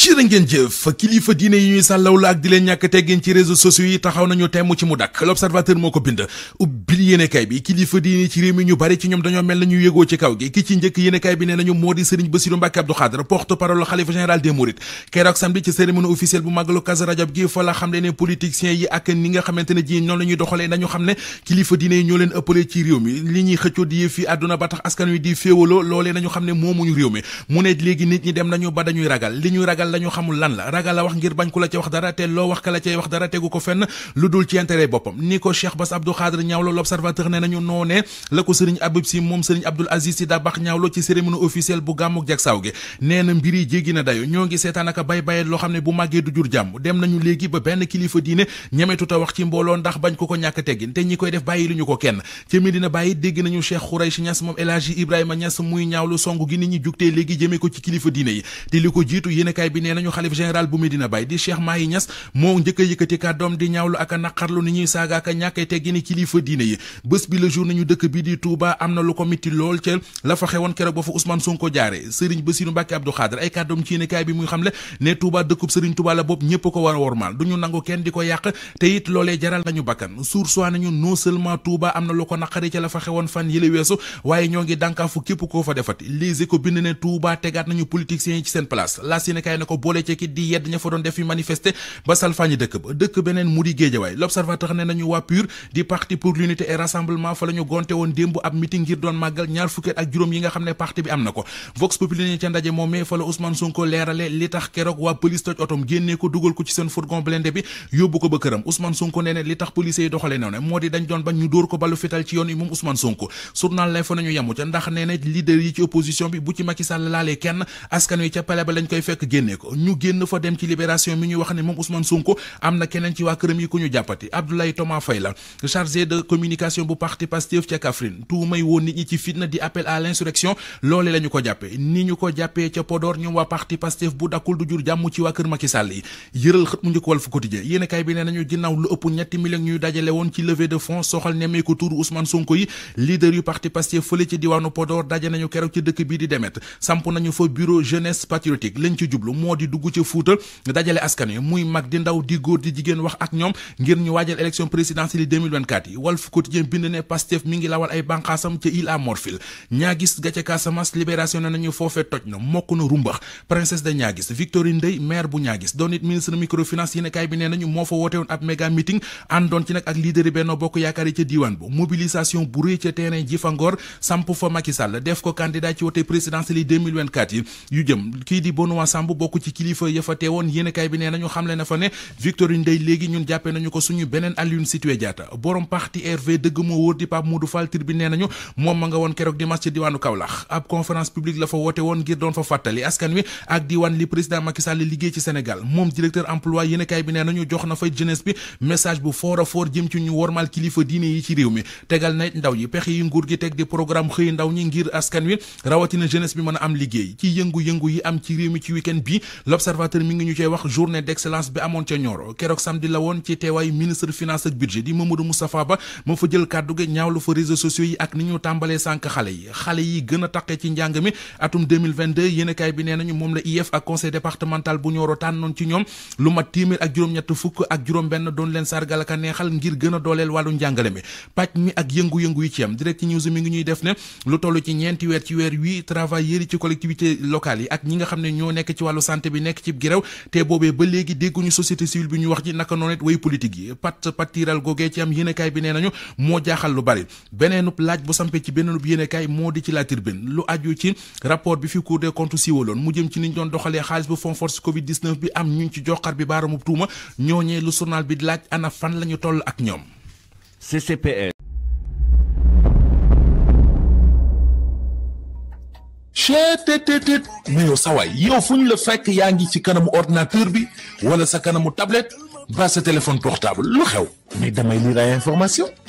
cirë ngeen jëf kilifa diine yi ñuy sàllaw la ak di leen ñàkk teggin ci réew mi ñu nañu moo di sëriñ Bassirou Mbacké Abdou Khadre porte-parole xalifa général des mourides keroog samedi ci cérémonie officielle bu màggalu Kazu Rajab gi fa xam le ne politiciens yi ak ni nga xamante ji noonu ñuy doxalee nañu xam ne kilifa diine yi ñoo leen ëppale ci réew mi li ñuy xëccoo di yëf àdduna ba tax askan wi di féewaloo loolee nañu xam ne moomuñu réew mi mu ne léegi nit ñi dem nañu ba dañuy ragal li ñuy ragal ragal la ñu xamul lan la ragal la wax ngir bañ ku la ca wax dara te loo wax ka la cay wax dara tegu ko fenn lu dul ci intérêt boppam ni ko Cheikh Bass Abdou Khadre ñaawlo l'observateur ne nañu noonee la ko sëriñ Abib Si moom sëriñ Abdoul Aziz Si Dabax ñaawlo ci cérémonie officielle bu gàmmuk Jagsaaw gi nee na mbir jéggi na dayo ñoo ngi seetaan aka bay bayet loo xam ne bu màggee du jur jàmm dem nañu léegi ba benn kilifa diine ñemetut a wax ci mbooloo ndax bañ ko ko ñàkk teggin te ñi koy def bàyyi lu ñu ko kenn ca Medina Baye dégg nañu Cheikh Khouraychi Niass moom El Hadji Ibrahima Niass muy ñaawlu song gi nit ñi jugtee léegi jëmee ko ci kilifa diine yi te li ko jiitu yéenekaay bi nee nañu xalif général bu Medina Baye di Cheikh Mahi Niass moo njëkk a yëkkati kàddoom di ñaawlu ak a naqarlu ni ñuy saaga ak a ñàkkee teggini kilifa diine yi bés bi le jour nañu dëkk bi di Touba am na lu ko mitti lool ca la fa xewoon keroog ba fa Ousmane Sonko jaare Serigne Bassirou Mbacké Abdou Khadre ay kàddoom ci yéenekaay bi muy xamle ne Touba dëkkub Serigne Touba la bopp ñépp ko war a wormaal duñu nangu kenn di ko yàq te loolee jaral nañu bakkan ko boole ci kit di yedd ña fa doon def fi manifester ba salfaañi dëkk ba dëkk beneen mu di géejawaay l'observateur ne nañu waa PUR di parti pour l'unité et rassemblement fa la gonte woon démb ab meeting ngir doon màggal ñaar fukki ak juróom yi nga xam ne parti bi am na ko Vox Populi ne ca ndaje moomee fa la Ousmane Sonko leerale li tax keroog waa police toj otom génnee ko dugal ko ci seen fourgon blindé bi yóbbu ko ba këram Ousmane Sonko nee ne li tax police yi doxale new ne moo di dañ doon bañ bi bu ci Macky Sall laalee kenn askan wi ca pale ko ñu génn fa dem ci libération mi ñuy wax ne moom Ousmane Sonko am na keneen ci waa këram yi ku ñu jàppati Abdoulaye Thomas Faye la chargé de communication bu parti Pastef ca Kaffrine tuumay woon nit ñi ci fitna di appel à l'insurrection loole la ñu ko jàppee ni ñu ko jàppee ca Podor ñoom waa parti Pastef bu dakkul du jur jàmm ci waa kër Macky Sall yi yëral xët mu njëkk Walf Quotidien yéen kay bi ne nañu ginnaaw lu ëpp ñetti millions ñuy dajale woon moo di dugg ca Fuuta dajale askan wi muy mag di ndaw di góor di jigéen wax ak ñoom ngir ñu waajal élection présidentielle yi 2024 yi Walf bind ne Pastef mi lawal ay banqaasam ca Île à Morphil ñaagis ga ca Casamance libération ne nañu foofee toj na mokk na rumbax princesse de ñaagis Victorine Ndeye maire bu ñaagis doon ministre microfinance yéene bi nee nañu moo fa woote woon ab meeting àndoon ci nag ak leader Benno Bokk Yaakaar yi ca diiwaan ci kilifa ya fa teewoon yéenekaay bi nee nañu xamle na fa ne Victorine Ndeye léegi ñun jàppee nañu ko suñu beneen Aline Sitoé Diatta borom parti RV dëgg moo wóor di Pape Modou Fall Tribune nee nañu moom ma nga woon keroog dimanche ci diwaanu Kaolack ab conférence publique la fa woote woon ngir doon fa fàttali askan wi ak diwaan li président Macky Sall liggéey ci Sénégal moom directeur emploi yéenekaay bi nee nañu jox na fay jeunesse bi message bu fort a fort jëm ci ñu wormal kilifa diine yi ci réew mi tegal na ndaw yi pexe yi gi teg di programme xëy ndaw ñi ngir askan wi rawatina jeunesse bi mën a am liggéey ci yëngu yi am ci réew mi ci week-end l'observateur mi ngi ñu cey wax journée d'excellence bi amoon ca Nioro keroog samedi la woon ci teewaayu ministre finance ak budget di Mamadou Moustapha Ba moo fa jël kàddu gi ñaawlu fa réseaux sociaux yi ak ni ñu tàmbalee sànq xale yi xale yi gën a ci njàng mi atum 2022 bi nee nañu moom la IEF ak conseil départemental bu Nioro tànnoon ci ñoom lu mat téeméer ak juróom-ñett fukk ak juróom-benn doon leen sargal ak neexal ngir gën dooleel santé bi nekk ci giraw te boobee ba léegi dégguñu société civile bi ñu wax ji naka noonu it way politique yi pat patiral googee ci am yéenekaay bi nee nañu moo jaaxal lu bari beneenub laaj bu sampe ci beneenub yéenekaay moo di ci la Tribune lu aju ci rapport bi fi Cour des comptes siiwaloon mu jëm ci niñ doon doxalee xaalis bu fond force Covid 19 bi am ñu ci joxar bi baaraamub tuuma ñooñee lu journal bi laaj ana fan la ñu toll ak ñoom chettt mais yow sawaay yow fu la fekk yaa ngi ci kanamu ordinateur bi wala sa kanamu tablette ba sa téléphone portable lu xew mais damay lire ay information